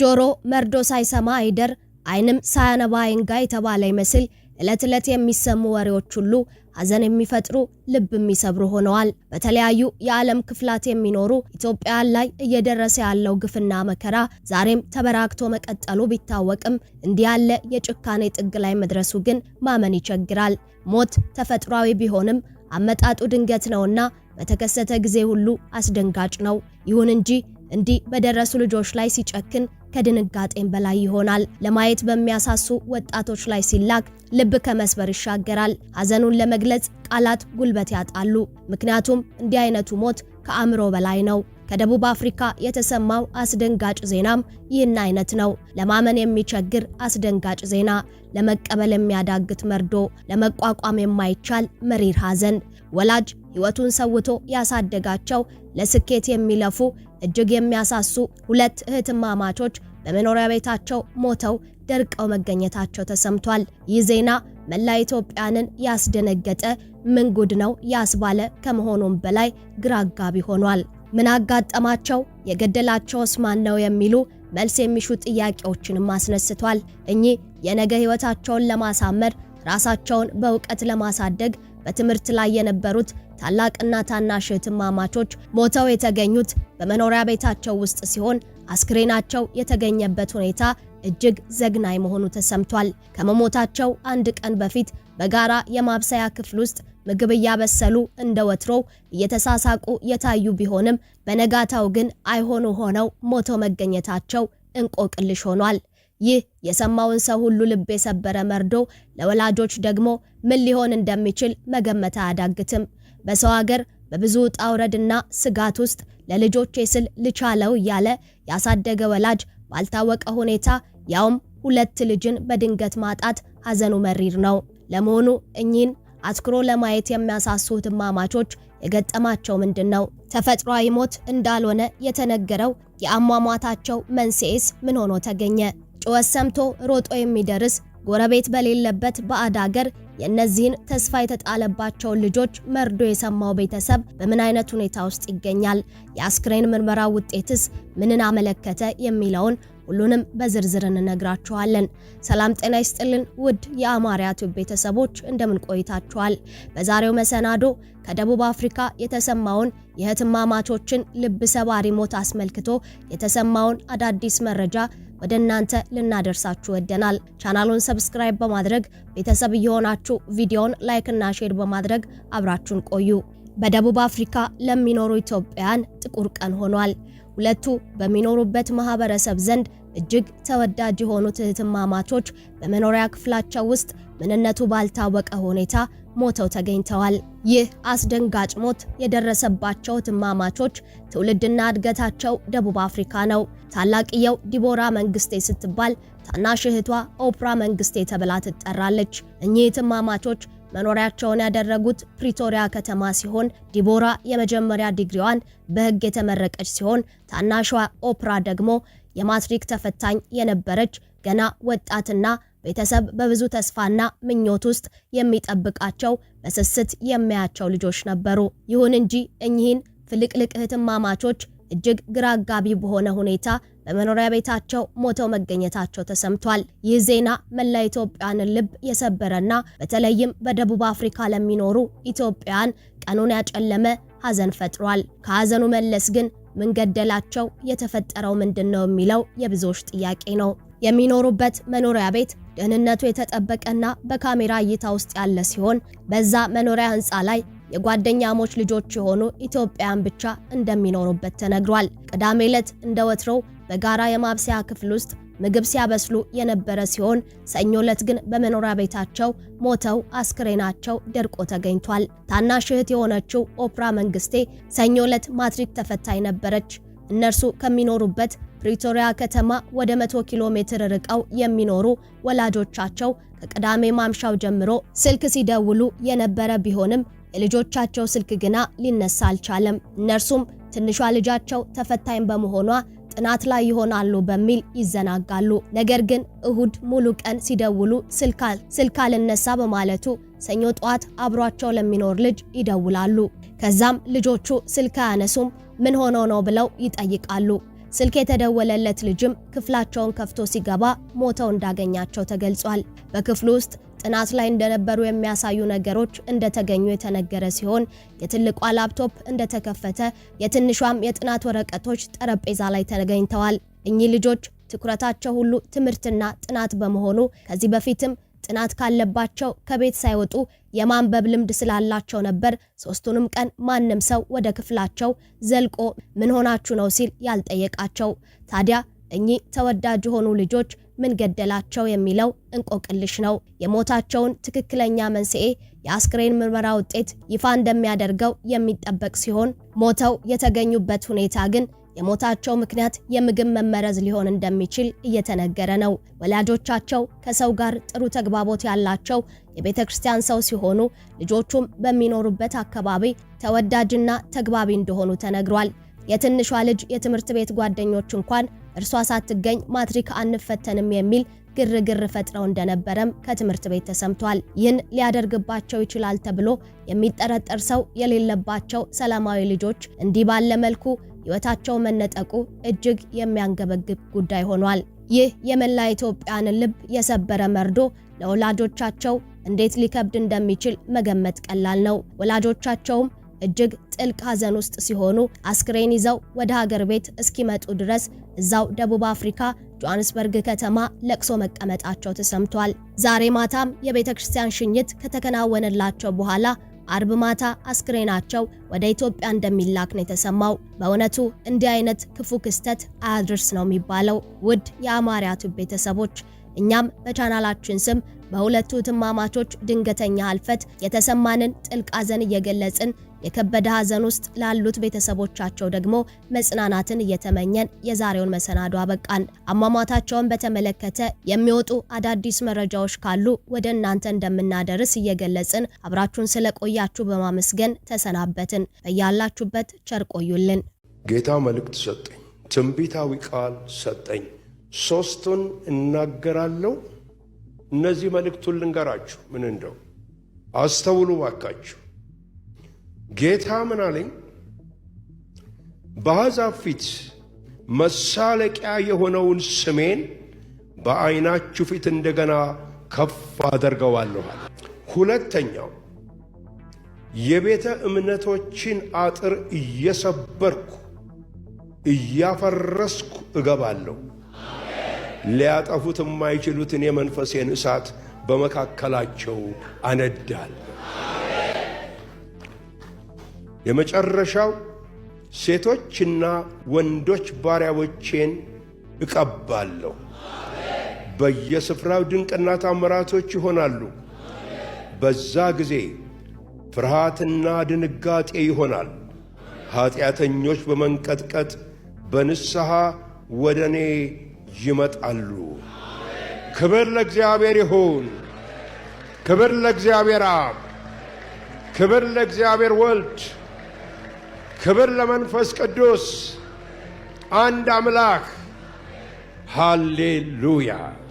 ጆሮ መርዶ ሳይሰማ አይደር፣ አይንም ሳያነባ አይንጋ የተባለ ይመስል ዕለት ዕለት የሚሰሙ ወሬዎች ሁሉ ሐዘን የሚፈጥሩ ልብ የሚሰብሩ ሆነዋል። በተለያዩ የዓለም ክፍላት የሚኖሩ ኢትዮጵያውያን ላይ እየደረሰ ያለው ግፍና መከራ ዛሬም ተበራክቶ መቀጠሉ ቢታወቅም እንዲህ ያለ የጭካኔ ጥግ ላይ መድረሱ ግን ማመን ይቸግራል። ሞት ተፈጥሯዊ ቢሆንም አመጣጡ ድንገት ነውና በተከሰተ ጊዜ ሁሉ አስደንጋጭ ነው። ይሁን እንጂ እንዲህ በደረሱ ልጆች ላይ ሲጨክን ከድንጋጤም በላይ ይሆናል። ለማየት በሚያሳሱ ወጣቶች ላይ ሲላክ ልብ ከመስበር ይሻገራል። ሐዘኑን ለመግለጽ ቃላት ጉልበት ያጣሉ። ምክንያቱም እንዲህ አይነቱ ሞት ከአእምሮ በላይ ነው። ከደቡብ አፍሪካ የተሰማው አስደንጋጭ ዜናም ይህን አይነት ነው። ለማመን የሚቸግር አስደንጋጭ ዜና፣ ለመቀበል የሚያዳግት መርዶ፣ ለመቋቋም የማይቻል መሪር ሐዘን። ወላጅ ሕይወቱን ሰውቶ ያሳደጋቸው ለስኬት የሚለፉ እጅግ የሚያሳሱ ሁለት እህትማማቾች በመኖሪያ ቤታቸው ሞተው ደርቀው መገኘታቸው ተሰምቷል። ይህ ዜና መላ ኢትዮጵያንን ያስደነገጠ ምን ነው ያስባለ ከመሆኑም በላይ ግራ ሆኗል። ምን አጋጠማቸው? የገደላቸውስ ማን ነው? የሚሉ መልስ የሚሹ ጥያቄዎችንም አስነስቷል። እኚህ የነገ ህይወታቸውን ለማሳመር ራሳቸውን በእውቀት ለማሳደግ በትምህርት ላይ የነበሩት ታላቅና ታናሽ እህትማማቾች ሞተው የተገኙት በመኖሪያ ቤታቸው ውስጥ ሲሆን አስክሬናቸው የተገኘበት ሁኔታ እጅግ ዘግናኝ መሆኑ ተሰምቷል። ከመሞታቸው አንድ ቀን በፊት በጋራ የማብሰያ ክፍል ውስጥ ምግብ እያበሰሉ እንደ ወትሮው እየተሳሳቁ የታዩ ቢሆንም በነጋታው ግን አይሆኑ ሆነው ሞቶ መገኘታቸው እንቆቅልሽ ሆኗል። ይህ የሰማውን ሰው ሁሉ ልብ የሰበረ መርዶ ለወላጆች ደግሞ ምን ሊሆን እንደሚችል መገመት አያዳግትም። በሰው አገር በብዙ ውጣ ውረድና ስጋት ውስጥ ለልጆቼ ስል ልቻለው እያለ ያሳደገ ወላጅ ባልታወቀ ሁኔታ ያውም ሁለት ልጅን በድንገት ማጣት ሀዘኑ መሪር ነው። ለመሆኑ እኚህን አትኩሮ ለማየት የሚያሳሱ እማማቾች የገጠማቸው ምንድን ነው? ተፈጥሯዊ ሞት እንዳልሆነ የተነገረው የአሟሟታቸው መንስኤስ ምን ሆኖ ተገኘ? ጩኸት ሰምቶ ሮጦ የሚደርስ ጎረቤት በሌለበት ባዕድ አገር የእነዚህን ተስፋ የተጣለባቸውን ልጆች መርዶ የሰማው ቤተሰብ በምን አይነት ሁኔታ ውስጥ ይገኛል? የአስክሬን ምርመራ ውጤትስ ምንን አመለከተ? የሚለውን ሁሉንም በዝርዝር እንነግራችኋለን። ሰላም ጤና ይስጥልን ውድ የአማርያ ቲዩብ ቤተሰቦች እንደምን ቆይታችኋል? በዛሬው መሰናዶ ከደቡብ አፍሪካ የተሰማውን የህትማማቾችን ልብ ሰባሪ ሞት አስመልክቶ የተሰማውን አዳዲስ መረጃ ወደ እናንተ ልናደርሳችሁ ወደናል። ቻናሉን ሰብስክራይብ በማድረግ ቤተሰብ እየሆናችሁ ቪዲዮውን እና ሼር በማድረግ አብራችሁን ቆዩ። በደቡብ አፍሪካ ለሚኖሩ ኢትዮጵያውያን ጥቁር ቀን ሆኗል። ሁለቱ በሚኖሩበት ማህበረሰብ ዘንድ እጅግ ተወዳጅ የሆኑት እህትማማቾች በመኖሪያ ክፍላቸው ውስጥ ምንነቱ ባልታወቀ ሁኔታ ሞተው ተገኝተዋል። ይህ አስደንጋጭ ሞት የደረሰባቸው እህትማማቾች ትውልድና እድገታቸው ደቡብ አፍሪካ ነው። ታላቅየው ዲቦራ መንግስቴ ስትባል፣ ታናሽ እህቷ ኦፕራ መንግስቴ ተብላ ትጠራለች። እኚህ እህትማማቾች መኖሪያቸውን ያደረጉት ፕሪቶሪያ ከተማ ሲሆን ዲቦራ የመጀመሪያ ዲግሪዋን በሕግ የተመረቀች ሲሆን ታናሿ ኦፕራ ደግሞ የማትሪክ ተፈታኝ የነበረች ገና ወጣትና ቤተሰብ በብዙ ተስፋና ምኞት ውስጥ የሚጠብቃቸው በስስት የሚያቸው ልጆች ነበሩ። ይሁን እንጂ እኚህን ፍልቅልቅ እህትማማቾች እጅግ ግራጋቢ በሆነ ሁኔታ በመኖሪያ ቤታቸው ሞተው መገኘታቸው ተሰምቷል። ይህ ዜና መላ ኢትዮጵያን ልብ የሰበረና በተለይም በደቡብ አፍሪካ ለሚኖሩ ኢትዮጵያን ቀኑን ያጨለመ ሐዘን ፈጥሯል። ከሐዘኑ መለስ ግን ምን ገደላቸው? የተፈጠረው ምንድን ነው የሚለው የብዙዎች ጥያቄ ነው። የሚኖሩበት መኖሪያ ቤት ደህንነቱ የተጠበቀና በካሜራ እይታ ውስጥ ያለ ሲሆን በዛ መኖሪያ ህንፃ ላይ የጓደኛሞች ልጆች የሆኑ ኢትዮጵያውያን ብቻ እንደሚኖሩበት ተነግሯል። ቅዳሜ ዕለት እንደ ወትሮው በጋራ የማብሰያ ክፍል ውስጥ ምግብ ሲያበስሉ የነበረ ሲሆን ሰኞ ዕለት ግን በመኖሪያ ቤታቸው ሞተው አስክሬናቸው ደርቆ ተገኝቷል። ታናሽ እህት የሆነችው ኦፕራ መንግስቴ ሰኞ ዕለት ማትሪክ ተፈታይ ነበረች። እነርሱ ከሚኖሩበት ፕሪቶሪያ ከተማ ወደ 100 ኪሎ ሜትር ርቀው የሚኖሩ ወላጆቻቸው ከቅዳሜ ማምሻው ጀምሮ ስልክ ሲደውሉ የነበረ ቢሆንም የልጆቻቸው ስልክ ግና ሊነሳ አልቻለም። እነርሱም ትንሿ ልጃቸው ተፈታኝ በመሆኗ ጥናት ላይ ይሆናሉ በሚል ይዘናጋሉ። ነገር ግን እሁድ ሙሉ ቀን ሲደውሉ ስልክ አልነሳ በማለቱ ሰኞ ጠዋት አብሯቸው ለሚኖር ልጅ ይደውላሉ። ከዛም ልጆቹ ስልክ አያነሱም፣ ምን ሆኖ ነው ብለው ይጠይቃሉ። ስልክ የተደወለለት ልጅም ክፍላቸውን ከፍቶ ሲገባ ሞተው እንዳገኛቸው ተገልጿል። በክፍሉ ውስጥ ጥናት ላይ እንደነበሩ የሚያሳዩ ነገሮች እንደተገኙ የተነገረ ሲሆን የትልቋ ላፕቶፕ እንደተከፈተ፣ የትንሿም የጥናት ወረቀቶች ጠረጴዛ ላይ ተገኝተዋል። እኚህ ልጆች ትኩረታቸው ሁሉ ትምህርትና ጥናት በመሆኑ ከዚህ በፊትም ጥናት ካለባቸው ከቤት ሳይወጡ የማንበብ ልምድ ስላላቸው ነበር ሶስቱንም ቀን ማንም ሰው ወደ ክፍላቸው ዘልቆ ምን ሆናችሁ ነው ሲል ያልጠየቃቸው። ታዲያ እኚህ ተወዳጅ የሆኑ ልጆች ምን ገደላቸው የሚለው እንቆቅልሽ ነው። የሞታቸውን ትክክለኛ መንስኤ የአስክሬን ምርመራ ውጤት ይፋ እንደሚያደርገው የሚጠበቅ ሲሆን ሞተው የተገኙበት ሁኔታ ግን የሞታቸው ምክንያት የምግብ መመረዝ ሊሆን እንደሚችል እየተነገረ ነው። ወላጆቻቸው ከሰው ጋር ጥሩ ተግባቦት ያላቸው የቤተ ክርስቲያን ሰው ሲሆኑ ልጆቹም በሚኖሩበት አካባቢ ተወዳጅና ተግባቢ እንደሆኑ ተነግሯል። የትንሿ ልጅ የትምህርት ቤት ጓደኞች እንኳን እርሷ ሳትገኝ ማትሪክ አንፈተንም የሚል ግርግር ፈጥረው እንደነበረም ከትምህርት ቤት ተሰምቷል። ይህን ሊያደርግባቸው ይችላል ተብሎ የሚጠረጠር ሰው የሌለባቸው ሰላማዊ ልጆች እንዲህ ባለ መልኩ ሕይወታቸው መነጠቁ እጅግ የሚያንገበግብ ጉዳይ ሆኗል። ይህ የመላ ኢትዮጵያን ልብ የሰበረ መርዶ ለወላጆቻቸው እንዴት ሊከብድ እንደሚችል መገመት ቀላል ነው። ወላጆቻቸውም እጅግ ጥልቅ ሐዘን ውስጥ ሲሆኑ አስክሬን ይዘው ወደ ሀገር ቤት እስኪመጡ ድረስ እዛው ደቡብ አፍሪካ ጆሃንስበርግ ከተማ ለቅሶ መቀመጣቸው ተሰምቷል። ዛሬ ማታም የቤተ ክርስቲያን ሽኝት ከተከናወነላቸው በኋላ አርብ ማታ አስክሬናቸው ወደ ኢትዮጵያ እንደሚላክ ነው የተሰማው። በእውነቱ እንዲህ አይነት ክፉ ክስተት አያድርስ ነው የሚባለው። ውድ የአማርያ ቱብ ቤተሰቦች እኛም በቻናላችን ስም በሁለቱ ትማማቾች ድንገተኛ ህልፈት የተሰማንን ጥልቅ ሐዘን እየገለጽን የከበደ ሐዘን ውስጥ ላሉት ቤተሰቦቻቸው ደግሞ መጽናናትን እየተመኘን የዛሬውን መሰናዶ አበቃን። አሟሟታቸውን በተመለከተ የሚወጡ አዳዲስ መረጃዎች ካሉ ወደ እናንተ እንደምናደርስ እየገለጽን አብራችሁን ስለቆያችሁ በማመስገን ተሰናበትን። በያላችሁበት ቸር ቆዩልን። ጌታ መልእክት ሰጠኝ፣ ትንቢታዊ ቃል ሰጠኝ። ሶስቱን እናገራለሁ እነዚህ መልእክቱን ልንገራችሁ ምን እንደው አስተውሉ ባካችሁ። ጌታ ምን አለኝ? በአሕዛብ ፊት መሳለቂያ የሆነውን ስሜን በዐይናችሁ ፊት እንደገና ከፍ አደርገዋለኋል። ሁለተኛው የቤተ እምነቶችን አጥር እየሰበርኩ እያፈረስኩ እገባለሁ። ሊያጠፉት የማይችሉትን የመንፈሴን እሳት በመካከላቸው አነዳል። የመጨረሻው ሴቶችና ወንዶች ባሪያዎቼን እቀባለሁ። በየስፍራው ድንቅና ታምራቶች ይሆናሉ። በዛ ጊዜ ፍርሃትና ድንጋጤ ይሆናል። ኀጢአተኞች በመንቀጥቀጥ በንስሐ ወደ እኔ ይመጣሉ። ክብር ለእግዚአብሔር ይሁን። ክብር ለእግዚአብሔር አብ፣ ክብር ለእግዚአብሔር ወልድ፣ ክብር ለመንፈስ ቅዱስ አንድ አምላክ ሃሌሉያ።